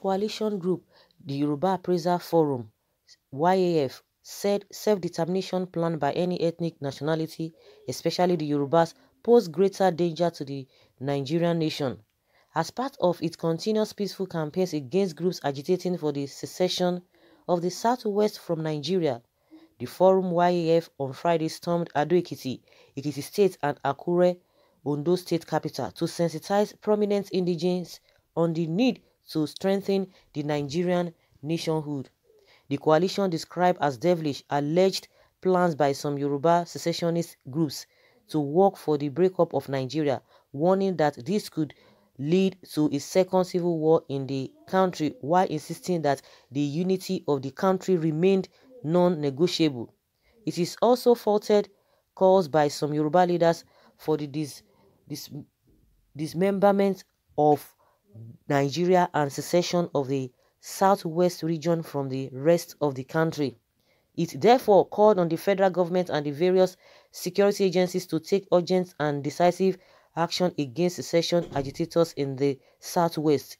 coalition group the Yoruba Appraisal Forum (YAF) said self-determination planned by any ethnic nationality, especially the Yorubas, pose greater danger to the Nigerian nation. As part of its continuous peaceful campaigns against groups agitating for the secession of the southwest from Nigeria, the Forum YAF on Friday stormed Ado-Ekiti, Ekiti State and Akure, Ondo State capital, to sensitize prominent indigenes on the need to strengthen the Nigerian nationhood. The coalition described as devilish alleged plans by some Yoruba secessionist groups to work for the breakup of Nigeria, warning that this could lead to a second civil war in the country while insisting that the unity of the country remained non-negotiable. It is also faulted calls by some Yoruba leaders for the dis dis dismemberment of Nigeria and secession of the southwest region from the rest of the country. It therefore called on the federal government and the various security agencies to take urgent and decisive action against secession agitators in the southwest.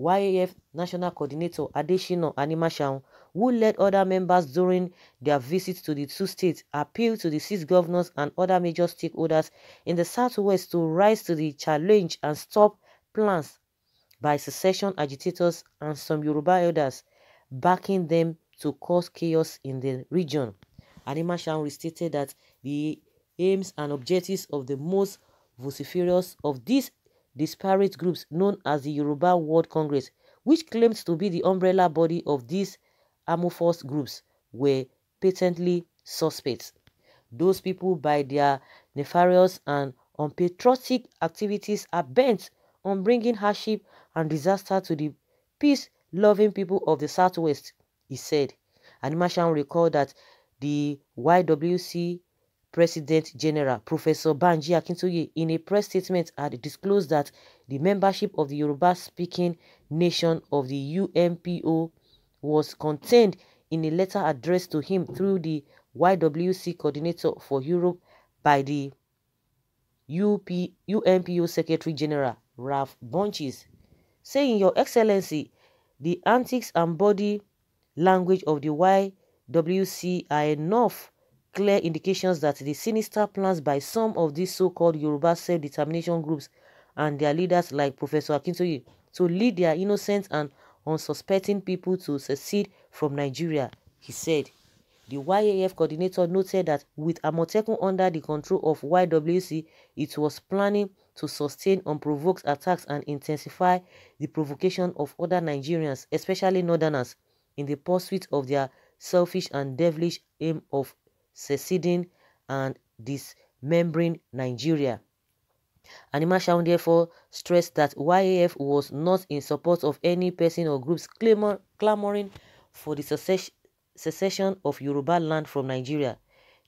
YAF National Coordinator Adeshino Animashaun, who led other members during their visit to the two states, appealed to the six governors and other major stakeholders in the southwest to rise to the challenge and stop plans by secession agitators and some Yoruba elders, backing them to cause chaos in the region. Arima Shan restated that the aims and objectives of the most vociferous of these disparate groups known as the Yoruba World Congress, which claims to be the umbrella body of these amorphous groups, were patently suspects. Those people, by their nefarious and unpatriotic activities, are bent on bringing hardship and disaster to the peace-loving people of the Southwest, he said. Animashan recalled that the YWC President General Professor Banji Akintoye in a press statement had disclosed that the membership of the Yoruba-speaking nation of the UMPO was contained in a letter addressed to him through the YWC coordinator for Europe by the UP, UMPO Secretary General Ralph Bunches, saying, Your Excellency, the antics and body language of the YWC are enough clear indications that the sinister plans by some of these so-called Yoruba self-determination groups and their leaders like Professor Akintoye to lead their innocent and unsuspecting people to secede from Nigeria, he said. The YAF coordinator noted that with Amotekun under the control of YWC, it was planning to sustain unprovoked attacks and intensify the provocation of other Nigerians, especially northerners, in the pursuit of their selfish and devilish aim of seceding and dismembering Nigeria. Anima Shaun therefore stressed that YAF was not in support of any person or groups clamor clamoring for the secession of Yoruba land from Nigeria.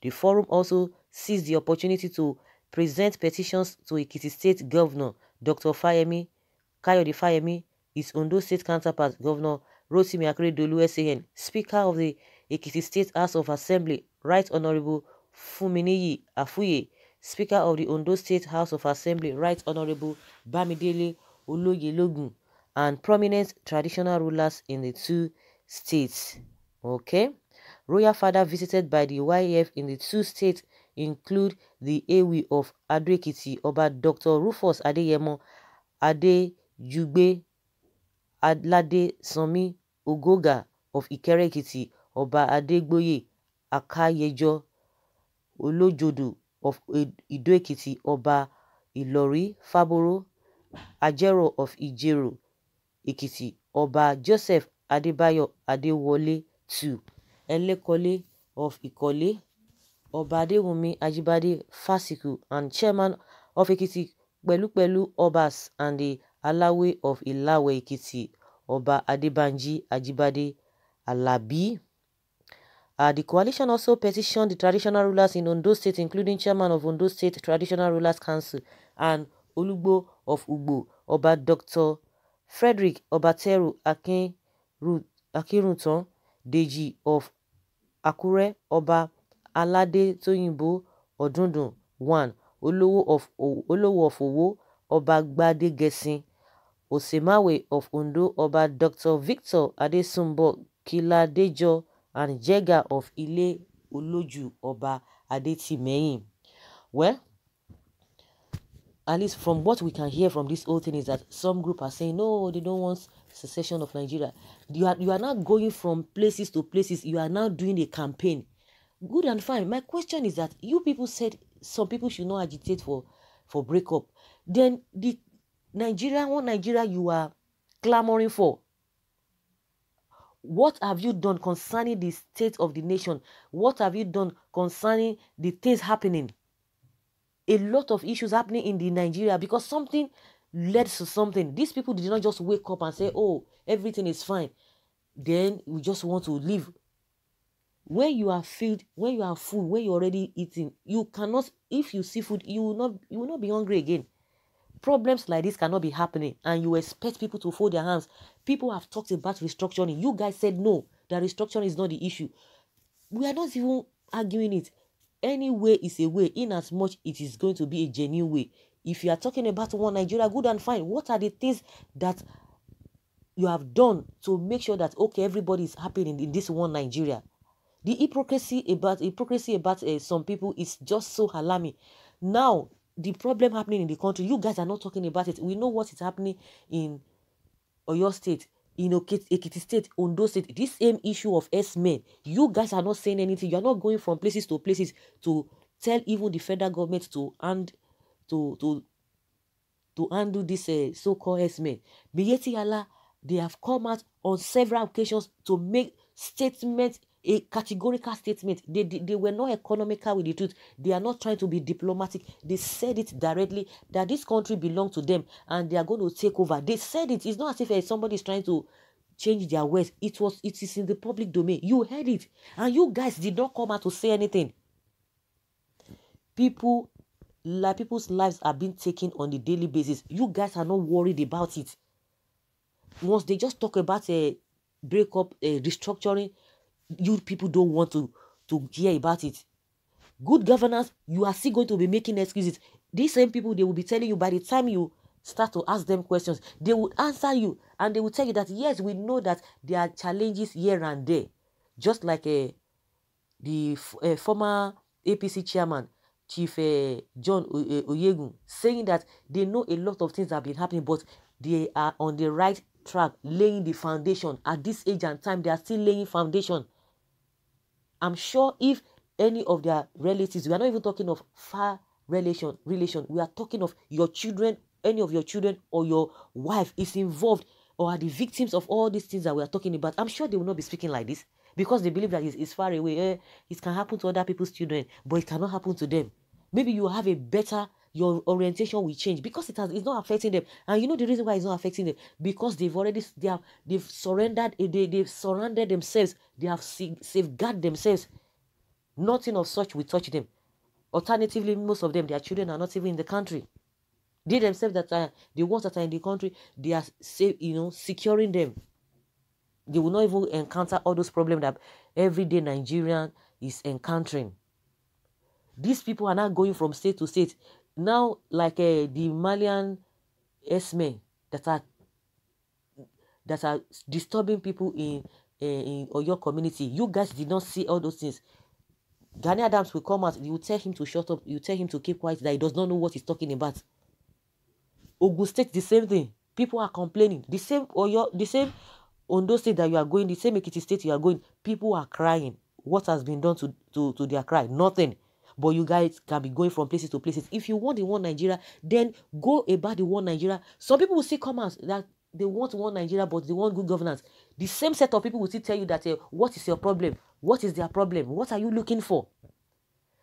The forum also seized the opportunity to present petitions to Ekiti State Governor Dr. Fayemi, Kayode Fayemi, his Ondo State counterpart Governor Rotimi Akeredolu SAN, Speaker of the Ekiti State House of Assembly, Right Honorable Fuminiyi Afuye, Speaker of the Ondo State House of Assembly, Right Honorable Bamidele Oloyelogun, and prominent traditional rulers in the two states. Okay? Royal father visited by the YF in the two states include the Ewe of Adó-Ekìtì, Ọba Dr. Rufus Adéyẹmọ Adéjùgbé Aládé Sanmi Ogoga of Ikerekiti, èkìtì Ọba Adégbóyè Akáyẹjọ Olójòdù of Ìdó-Èkìtì, Ọba Ìlọ̀rí Fábóró Ajẹ́rọ̀ of Ijero èkìtì Ọba Joseph Adébáyọ̀ Adéwọlé II, Ẹlẹ́kọ̀lé of Ikole. Osadewumi Ajibade Fasiku, and Chairman of Ekiti Pẹ̀lú Pẹ̀lú Obas and the Alawe of Ilawa-Ekiti Ọba Adebanji Ajibade Alabi. Uh, the coalition also petitioned the traditional rulers in Ondo State, including chairman of Ondo State Traditional Rulers Council and Olugbo of Ugbo, Oba Dr. Frederick Obateru Akinruntan Deji of Akure, Oba Alade Toyinbo Odundun (1) Olowo of Owo Ọba Gbadegesin Osemawe of Ondo Ọba Dr. Victor Adesumbo Kiladejo and Jega of Ile Oloju Ọba Adétìmẹ́yìn. Well, at least from what we can hear from this whole thing is that some group are saying no they don't want secession of Nigeria you are you are now going from places to places you are now doing a campaign Good and fine. My question is that you people said some people should not agitate for for breakup. Then the Nigeria, what Nigeria you are clamoring for. What have you done concerning the state of the nation? What have you done concerning the things happening? A lot of issues happening in the Nigeria because something led to something. These people did not just wake up and say, "Oh, everything is fine." Then we just want to live where you are filled where you are full where you're already eating you cannot if you see food you will not you will not be hungry again problems like this cannot be happening and you expect people to fold their hands people have talked about restructuring you guys said no The restructuring is not the issue we are not even arguing it any way is a way in as much it is going to be a genuine way if you are talking about one nigeria good and fine what are the things that you have done to make sure that okay everybody is happy in, in this one nigeria the hypocrisy about hypocrisy about uh, some people is just so alarming. Now, the problem happening in the country, you guys are not talking about it. We know what is happening in your State, in Ekiti State, Ondo State. This same issue of S-men, you guys are not saying anything. You are not going from places to places to tell even the federal government to and to to to undo this uh, so-called S-men. But Allah, they have come out on several occasions to make statements a categorical statement. They, they, they were not economical with the truth. They are not trying to be diplomatic. They said it directly that this country belongs to them and they are going to take over. They said it. It's not as if eh, somebody is trying to change their ways. It was it is in the public domain. You heard it. And you guys did not come out to say anything. People like people's lives are being taken on a daily basis. You guys are not worried about it. Once they just talk about a eh, breakup, a eh, restructuring, you people don't want to, to hear about it. Good governance, you are still going to be making excuses. These same people, they will be telling you by the time you start to ask them questions, they would answer you and they will tell you that, yes, we know that there are challenges here and there. Just like uh, the uh, former APC chairman, Chief uh, John Oyegun, saying that they know a lot of things have been happening, but they are on the right track, laying the foundation. At this age and time, they are still laying foundation. I'm sure if any of their relatives, we are not even talking of far relation, relation. We are talking of your children, any of your children or your wife is involved or are the victims of all these things that we are talking about. I'm sure they will not be speaking like this because they believe that it's, it's far away. Eh, it can happen to other people's children, but it cannot happen to them. Maybe you have a better your orientation will change because it has it's not affecting them and you know the reason why it's not affecting them because they've already they have they've surrendered eh, they, they've themselves they have safeguarded themselves nothing of such will touch them alternatively most of them their children are not even in the country they themselves that are the ones that are in the country they are safe you know securing them they will not even encounter all those problems that everyday nigerian is encountering these people are not going from state to state now like uh, the Malian S-men that are that are disturbing people in uh, in or your community. You guys did not see all those things. Gani Adams will come out. You tell him to shut up. You tell him to keep quiet. That he does not know what he's talking about. Ogun State the same thing. People are complaining. The same or your the same those State that you are going. The same Ekiti State you are going. People are crying. What has been done to to to their cry? Nothing. But you guys can be going from places to places. If you want the one Nigeria, then go about the one Nigeria. Some people will still come out that they want one Nigeria, but they want good governance. The same set of people will still tell you that uh, what is your problem? What is their problem? What are you looking for?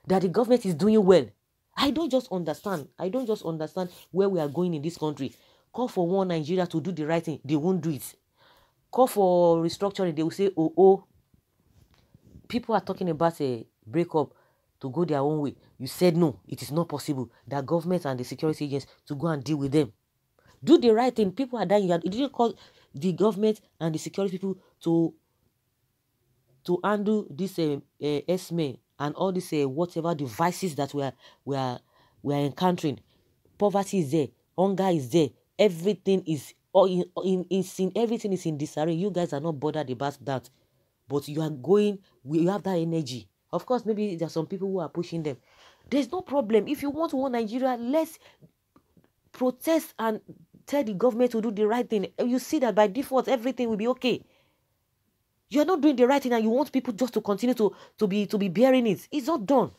That the government is doing well. I don't just understand. I don't just understand where we are going in this country. Call for one Nigeria to do the right thing. They won't do it. Call for restructuring. They will say, oh, oh. People are talking about a breakup to go their own way. You said no, it is not possible that government and the security agents to go and deal with them. Do the right thing. People are dying. You didn't call the government and the security people to to undo this um, uh, uh, and all these uh, whatever devices that we are, we, are, we are encountering. Poverty is there. Hunger is there. Everything is all oh, in, oh, in, in, in everything is in disarray. You guys are not bothered about that. But you are going, you have that energy of course, maybe there are some people who are pushing them. There's no problem. If you want to want Nigeria, let's protest and tell the government to do the right thing. You see that by default, everything will be okay. You're not doing the right thing and you want people just to continue to, to be to be bearing it. It's not done.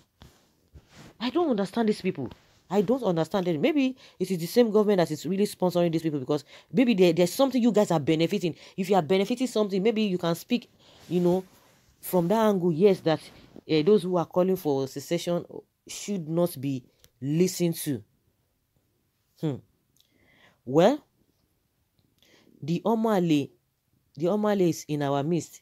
I don't understand these people. I don't understand it. Maybe it is the same government that is really sponsoring these people because maybe there, there's something you guys are benefiting. If you are benefiting something, maybe you can speak, you know, from that angle, yes, that uh, those who are calling for secession should not be listened to. Hmm. Well, the Omale, the Omale is in our midst.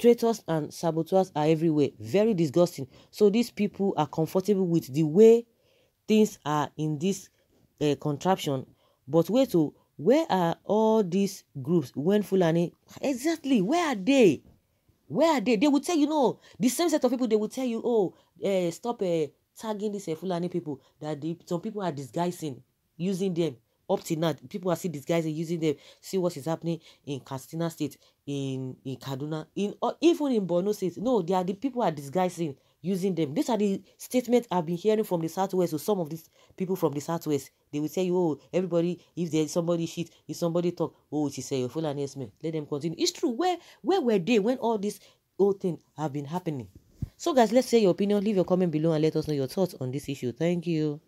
Traitors and saboteurs are everywhere. Very disgusting. So these people are comfortable with the way things are in this uh, contraption. But wait, to? Oh, where are all these groups when Fulani? Exactly, where are they? Where are they? They will tell you, no. The same set of people, they will tell you, oh, uh, stop uh, tagging these uh, Fulani people that some people are disguising, using them. Up to now, people are still disguising, using them. See what is happening in Katsina State, in, in Kaduna, in or even in Borno State. No, they are the people are disguising using them. These are the statements I've been hearing from the Southwest. So some of these people from the Southwest, they will tell you, oh, everybody, if there's somebody shit, if somebody talk, oh, she eh, say, full announcement. Let them continue. It's true. Where, where were they when all this whole thing have been happening? So guys, let's say your opinion. Leave your comment below and let us know your thoughts on this issue. Thank you.